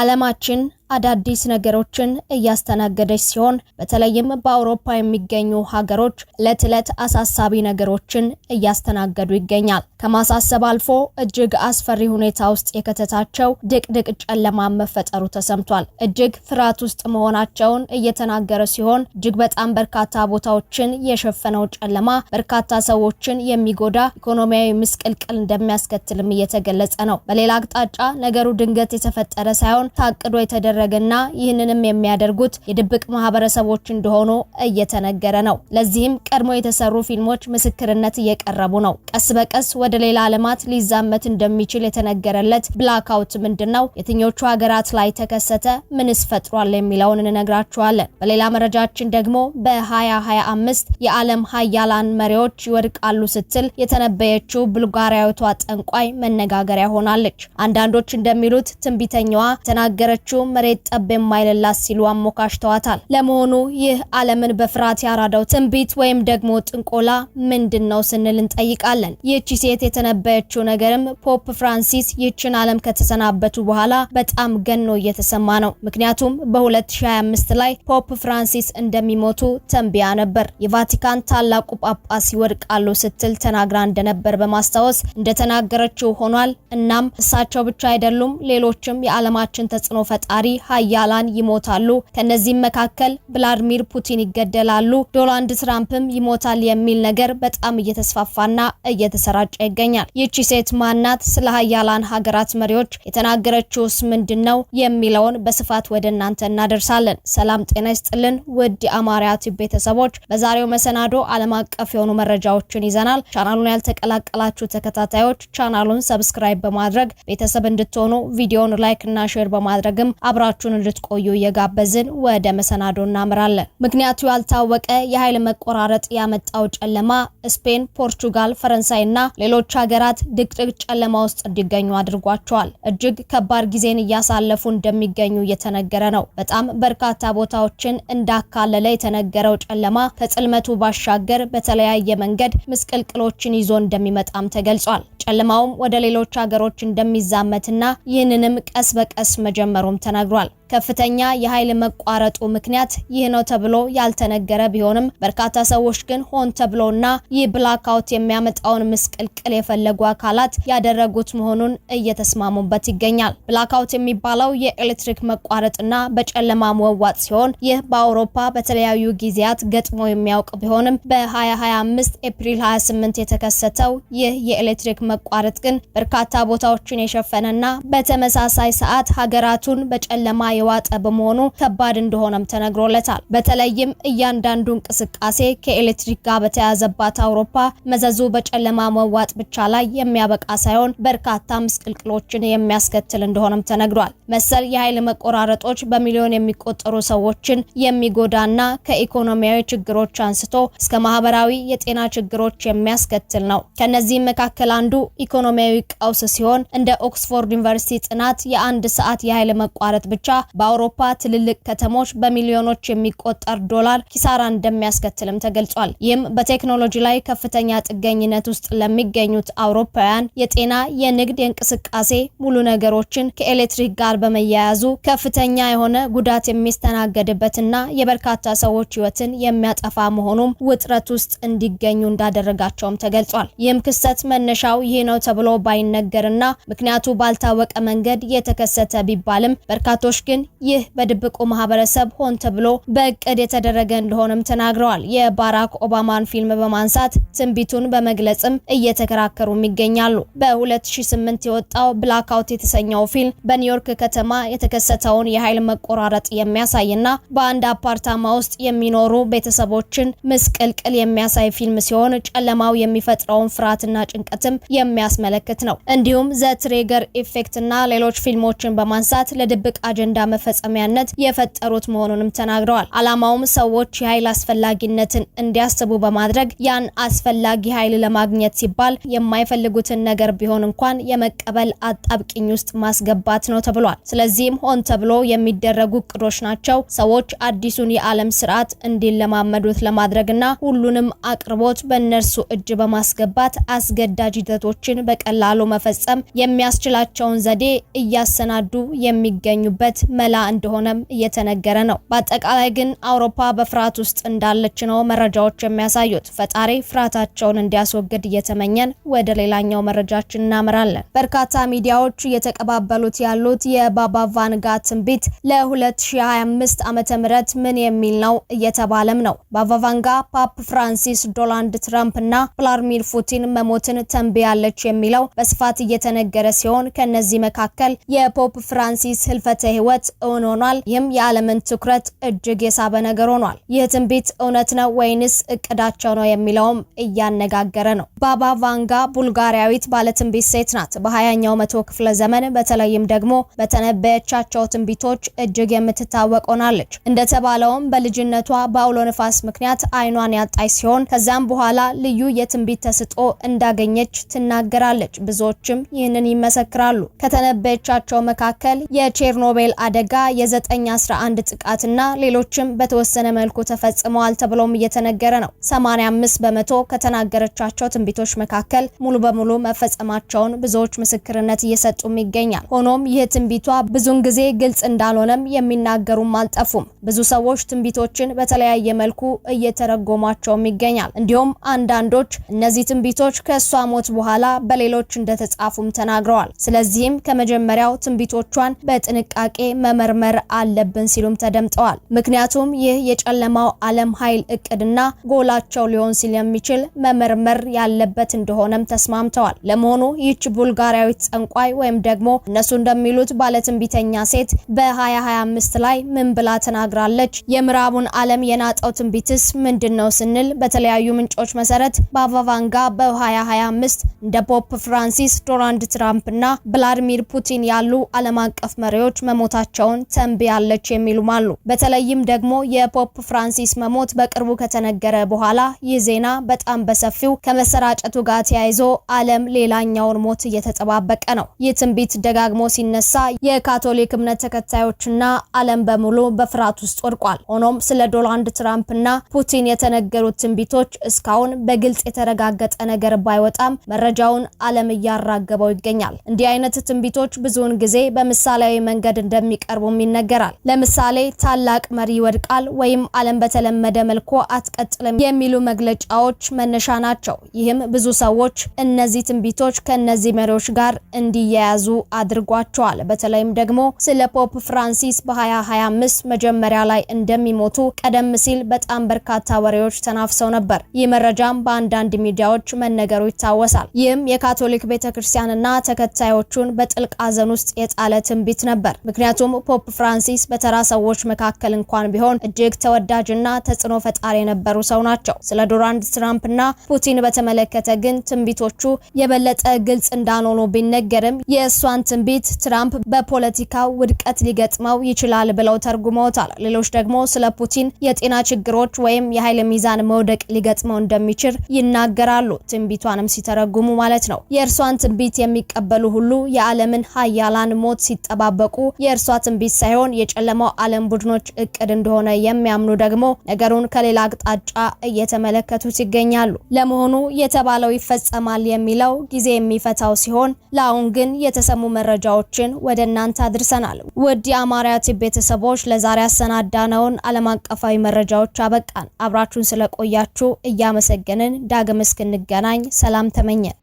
ዓለማችን አዳዲስ ነገሮችን እያስተናገደች ሲሆን በተለይም በአውሮፓ የሚገኙ ሀገሮች እለት እለት አሳሳቢ ነገሮችን እያስተናገዱ ይገኛል። ከማሳሰብ አልፎ እጅግ አስፈሪ ሁኔታ ውስጥ የከተታቸው ድቅድቅ ጨለማ መፈጠሩ ተሰምቷል። እጅግ ፍርሃት ውስጥ መሆናቸውን እየተናገረ ሲሆን እጅግ በጣም በርካታ ቦታዎችን የሸፈነው ጨለማ በርካታ ሰዎችን የሚጎዳ ኢኮኖሚያዊ ምስቅልቅል እንደሚያስከትልም እየተገለጸ ነው። በሌላ አቅጣጫ ነገሩ ድንገት የተፈጠረ ሳይሆን ታቅዶ የተደረ ያደረገና ይህንንም የሚያደርጉት የድብቅ ማህበረሰቦች እንደሆኑ እየተነገረ ነው። ለዚህም ቀድሞ የተሰሩ ፊልሞች ምስክርነት እየቀረቡ ነው። ቀስ በቀስ ወደ ሌላ ዓለማት ሊዛመት እንደሚችል የተነገረለት ብላክአውት ምንድን ነው፣ የትኞቹ ሀገራት ላይ ተከሰተ፣ ምንስ ፈጥሯል የሚለውን እንነግራችኋለን። በሌላ መረጃችን ደግሞ በ2025 የዓለም ሀያላን መሪዎች ይወድቃሉ ስትል የተነበየችው ቡልጋሪያዊቷ ጠንቋይ መነጋገሪያ ሆናለች። አንዳንዶች እንደሚሉት ትንቢተኛዋ የተናገረችው መሬት መሬት ጠብ ሲሉ አሞካሽተዋታል። ለመሆኑ ይህ ዓለምን በፍርሃት ያራዳው ትንቢት ወይም ደግሞ ጥንቆላ ምንድን ነው ስንል እንጠይቃለን። ይህቺ ሴት የተነበየችው ነገርም ፖፕ ፍራንሲስ ይህችን ዓለም ከተሰናበቱ በኋላ በጣም ገኖ እየተሰማ ነው። ምክንያቱም በ2025 ላይ ፖፕ ፍራንሲስ እንደሚሞቱ ተንቢያ ነበር። የቫቲካን ታላቁ ጳጳስ ይወድቃሉ ስትል ተናግራ እንደነበር በማስታወስ እንደተናገረችው ሆኗል። እናም እሳቸው ብቻ አይደሉም፣ ሌሎችም የዓለማችን ተጽዕኖ ፈጣሪ ሀያላን ይሞታሉ። ከነዚህም መካከል ቭላድሚር ፑቲን ይገደላሉ፣ ዶናልድ ትራምፕም ይሞታል የሚል ነገር በጣም እየተስፋፋና እየተሰራጨ ይገኛል። ይቺ ሴት ማናት? ስለ ሀያላን ሀገራት መሪዎች የተናገረችውስ ምንድን ነው የሚለውን በስፋት ወደ እናንተ እናደርሳለን። ሰላም ጤና ይስጥልን ውድ የአማርያ ቲዩብ ቤተሰቦች፣ በዛሬው መሰናዶ ዓለም አቀፍ የሆኑ መረጃዎችን ይዘናል። ቻናሉን ያልተቀላቀላችሁ ተከታታዮች ቻናሉን ሰብስክራይብ በማድረግ ቤተሰብ እንድትሆኑ ቪዲዮን ላይክ እና ሼር በማድረግም አብረ አብራችሁን እንድትቆዩ እየጋበዝን ወደ መሰናዶ እናምራለን። ምክንያቱ ያልታወቀ የኃይል መቆራረጥ ያመጣው ጨለማ ስፔን፣ ፖርቹጋል፣ ፈረንሳይና ሌሎች ሀገራት ድቅድቅ ጨለማ ውስጥ እንዲገኙ አድርጓቸዋል። እጅግ ከባድ ጊዜን እያሳለፉ እንደሚገኙ እየተነገረ ነው። በጣም በርካታ ቦታዎችን እንዳካለለ የተነገረው ጨለማ ከጽልመቱ ባሻገር በተለያየ መንገድ ምስቅልቅሎችን ይዞ እንደሚመጣም ተገልጿል። ጨለማውም ወደ ሌሎች ሀገሮች እንደሚዛመትና ይህንንም ቀስ በቀስ መጀመሩም ተናግሯል። ተናግሯል። ከፍተኛ የኃይል መቋረጡ ምክንያት ይህ ነው ተብሎ ያልተነገረ ቢሆንም በርካታ ሰዎች ግን ሆን ተብሎና ይህ ብላክአውት የሚያመጣውን ምስቅልቅል የፈለጉ አካላት ያደረጉት መሆኑን እየተስማሙበት ይገኛል። ብላክአውት የሚባለው የኤሌክትሪክ መቋረጥና በጨለማ መዋጥ ሲሆን ይህ በአውሮፓ በተለያዩ ጊዜያት ገጥሞ የሚያውቅ ቢሆንም በ2025 ኤፕሪል 28 የተከሰተው ይህ የኤሌክትሪክ መቋረጥ ግን በርካታ ቦታዎችን የሸፈነና በተመሳሳይ ሰዓት ሀገራቱን በጨለ በጨለማ የዋጠ በመሆኑ ከባድ እንደሆነም ተነግሮለታል። በተለይም እያንዳንዱ እንቅስቃሴ ከኤሌክትሪክ ጋር በተያዘባት አውሮፓ መዘዙ በጨለማ መዋጥ ብቻ ላይ የሚያበቃ ሳይሆን በርካታ ምስቅልቅሎችን የሚያስከትል እንደሆነም ተነግሯል። መሰል የኃይል መቆራረጦች በሚሊዮን የሚቆጠሩ ሰዎችን የሚጎዳና ከኢኮኖሚያዊ ችግሮች አንስቶ እስከ ማህበራዊ የጤና ችግሮች የሚያስከትል ነው። ከነዚህም መካከል አንዱ ኢኮኖሚያዊ ቀውስ ሲሆን እንደ ኦክስፎርድ ዩኒቨርሲቲ ጥናት የአንድ ሰዓት የኃይል መቋረጥ ብቻ በአውሮፓ ትልልቅ ከተሞች በሚሊዮኖች የሚቆጠር ዶላር ኪሳራ እንደሚያስከትልም ተገልጿል። ይህም በቴክኖሎጂ ላይ ከፍተኛ ጥገኝነት ውስጥ ለሚገኙት አውሮፓውያን የጤና፣ የንግድ፣ የእንቅስቃሴ ሙሉ ነገሮችን ከኤሌክትሪክ ጋር በመያያዙ ከፍተኛ የሆነ ጉዳት የሚስተናገድበትና የበርካታ ሰዎች ህይወትን የሚያጠፋ መሆኑም ውጥረት ውስጥ እንዲገኙ እንዳደረጋቸውም ተገልጿል። ይህም ክስተት መነሻው ይህ ነው ተብሎ ባይነገርና ምክንያቱ ባልታወቀ መንገድ የተከሰተ ቢባልም በርካታ ወጣቶች ግን ይህ በድብቁ ማህበረሰብ ሆን ተብሎ በእቅድ የተደረገ እንደሆነም ተናግረዋል። የባራክ ኦባማን ፊልም በማንሳት ትንቢቱን በመግለጽም እየተከራከሩም ይገኛሉ። በ2008 የወጣው ብላክአውት የተሰኘው ፊልም በኒውዮርክ ከተማ የተከሰተውን የኃይል መቆራረጥ የሚያሳይና በአንድ አፓርታማ ውስጥ የሚኖሩ ቤተሰቦችን ምስቅልቅል የሚያሳይ ፊልም ሲሆን ጨለማው የሚፈጥረውን ፍርሃትና ጭንቀትም የሚያስመለክት ነው። እንዲሁም ዘ ትሬገር ኢፌክት እና ሌሎች ፊልሞችን በማንሳት ለድብቅ አጀንዳ መፈጸሚያነት የፈጠሩት መሆኑንም ተናግረዋል። አላማውም ሰዎች የኃይል አስፈላጊነትን እንዲያስቡ በማድረግ ያን አስፈላጊ ኃይል ለማግኘት ሲባል የማይፈልጉትን ነገር ቢሆን እንኳን የመቀበል አጣብቂኝ ውስጥ ማስገባት ነው ተብሏል። ስለዚህም ሆን ተብሎ የሚደረጉ እቅዶች ናቸው ሰዎች አዲሱን የዓለም ስርዓት እንዲለማመዱት ለማድረግና ሁሉንም አቅርቦት በእነርሱ እጅ በማስገባት አስገዳጅ ሂደቶችን በቀላሉ መፈጸም የሚያስችላቸውን ዘዴ እያሰናዱ የሚገኙበት ያለበት መላ እንደሆነም እየተነገረ ነው። በአጠቃላይ ግን አውሮፓ በፍርሃት ውስጥ እንዳለች ነው መረጃዎች የሚያሳዩት። ፈጣሪ ፍርሃታቸውን እንዲያስወግድ እየተመኘን ወደ ሌላኛው መረጃችን እናምራለን። በርካታ ሚዲያዎች እየተቀባበሉት ያሉት የባባ ቫንጋ ትንቢት ለ2025 ዓ ም ምን የሚል ነው እየተባለም ነው። ባባ ቫንጋ ፓፕ ፍራንሲስ፣ ዶናልድ ትራምፕ እና ቭላድሚር ፑቲን መሞትን ተንብያለች የሚለው በስፋት እየተነገረ ሲሆን ከነዚህ መካከል የፖፕ ፍራንሲስ ህልፈት መሰረተ ህይወት እውን ሆኗል። ይህም የዓለምን ትኩረት እጅግ የሳበ ነገር ሆኗል። ይህ ትንቢት እውነት ነው ወይንስ እቅዳቸው ነው የሚለውም እያነጋገረ ነው። ባባ ቫንጋ ቡልጋሪያዊት ባለትንቢት ሴት ናት። በሀያኛው መቶ ክፍለ ዘመን በተለይም ደግሞ በተነበየቻቸው ትንቢቶች እጅግ የምትታወቅ ሆናለች። እንደተባለውም በልጅነቷ በአውሎ ንፋስ ምክንያት አይኗን ያጣች ሲሆን ከዛም በኋላ ልዩ የትንቢት ተስጦ እንዳገኘች ትናገራለች። ብዙዎችም ይህንን ይመሰክራሉ። ከተነበየቻቸው መካከል የቼርኖ የኖቤል አደጋ የ911 ጥቃትና ሌሎችም በተወሰነ መልኩ ተፈጽመዋል ተብሎም እየተነገረ ነው። 85 በመቶ ከተናገረቻቸው ትንቢቶች መካከል ሙሉ በሙሉ መፈጸማቸውን ብዙዎች ምስክርነት እየሰጡም ይገኛል። ሆኖም ይህ ትንቢቷ ብዙውን ጊዜ ግልጽ እንዳልሆነም የሚናገሩም አልጠፉም። ብዙ ሰዎች ትንቢቶችን በተለያየ መልኩ እየተረጎሟቸውም ይገኛል። እንዲሁም አንዳንዶች እነዚህ ትንቢቶች ከእሷ ሞት በኋላ በሌሎች እንደተጻፉም ተናግረዋል። ስለዚህም ከመጀመሪያው ትንቢቶቿን በጥንቃ በጥንቃቄ መመርመር አለብን ሲሉም ተደምጠዋል። ምክንያቱም ይህ የጨለማው ዓለም ኃይል እቅድና ጎላቸው ሊሆን ስለሚችል መመርመር ያለበት እንደሆነም ተስማምተዋል። ለመሆኑ ይህች ቡልጋሪያዊት ጠንቋይ ወይም ደግሞ እነሱ እንደሚሉት ባለትንቢተኛ ሴት በ2025 ላይ ምን ብላ ተናግራለች? የምዕራቡን ዓለም የናጠው ትንቢትስ ምንድን ነው ስንል በተለያዩ ምንጮች መሰረት በአቫቫንጋ በ2025 እንደ ፖፕ ፍራንሲስ፣ ዶናልድ ትራምፕ እና ቭላድሚር ፑቲን ያሉ ዓለም አቀፍ መሪዎች መሞታቸውን ተንብያለች የሚሉም አሉ። በተለይም ደግሞ የፖፕ ፍራንሲስ መሞት በቅርቡ ከተነገረ በኋላ ይህ ዜና በጣም በሰፊው ከመሰራጨቱ ጋር ተያይዞ ዓለም ሌላኛውን ሞት እየተጠባበቀ ነው። ይህ ትንቢት ደጋግሞ ሲነሳ የካቶሊክ እምነት ተከታዮችና ዓለም በሙሉ በፍርሃት ውስጥ ወድቋል። ሆኖም ስለ ዶናልድ ትራምፕና ፑቲን የተነገሩት ትንቢቶች እስካሁን በግልጽ የተረጋገጠ ነገር ባይወጣም መረጃውን ዓለም እያራገበው ይገኛል። እንዲህ አይነት ትንቢቶች ብዙውን ጊዜ በምሳሌያዊ መንገድ እንደሚቀርቡም ይነገራል። ለምሳሌ ታላቅ መሪ ይወድቃል ወይም ዓለም በተለመደ መልኩ አትቀጥልም የሚሉ መግለጫዎች መነሻ ናቸው። ይህም ብዙ ሰዎች እነዚህ ትንቢቶች ከእነዚህ መሪዎች ጋር እንዲያያዙ አድርጓቸዋል። በተለይም ደግሞ ስለ ፖፕ ፍራንሲስ በ2025 መጀመሪያ ላይ እንደሚሞቱ ቀደም ሲል በጣም በርካታ ወሬዎች ተናፍሰው ነበር። ይህ መረጃም በአንዳንድ ሚዲያዎች መነገሩ ይታወሳል። ይህም የካቶሊክ ቤተክርስቲያንና ተከታዮቹን በጥልቅ ሐዘን ውስጥ የጣለ ትንቢት ነበር። ምክንያቱም ፖፕ ፍራንሲስ በተራ ሰዎች መካከል እንኳን ቢሆን እጅግ ተወዳጅና ተጽዕኖ ፈጣሪ የነበሩ ሰው ናቸው። ስለ ዶናልድ ትራምፕና ፑቲን በተመለከተ ግን ትንቢቶቹ የበለጠ ግልጽ እንዳልሆኑ ቢነገርም የእሷን ትንቢት ትራምፕ በፖለቲካው ውድቀት ሊገጥመው ይችላል ብለው ተርጉመውታል። ሌሎች ደግሞ ስለ ፑቲን የጤና ችግሮች ወይም የኃይል ሚዛን መውደቅ ሊገጥመው እንደሚችል ይናገራሉ። ትንቢቷንም ሲተረጉሙ ማለት ነው። የእርሷን ትንቢት የሚቀበሉ ሁሉ የዓለምን ሀያላን ሞት ሲጠባበቁ የእርሷ ትንቢት ሳይሆን የጨለማው ዓለም ቡድኖች እቅድ እንደሆነ የሚያምኑ ደግሞ ነገሩን ከሌላ አቅጣጫ እየተመለከቱት ይገኛሉ። ለመሆኑ የተባለው ይፈጸማል የሚለው ጊዜ የሚፈታው ሲሆን ለአሁን ግን የተሰሙ መረጃዎችን ወደ እናንተ አድርሰናል። ውድ የአማርያ ቲዩብ ቤተሰቦች ለዛሬ ያሰናዳነውን ዓለም አቀፋዊ መረጃዎች አበቃን። አብራችሁን ስለቆያችሁ እያመሰገንን ዳግም እስክንገናኝ ሰላም ተመኘን።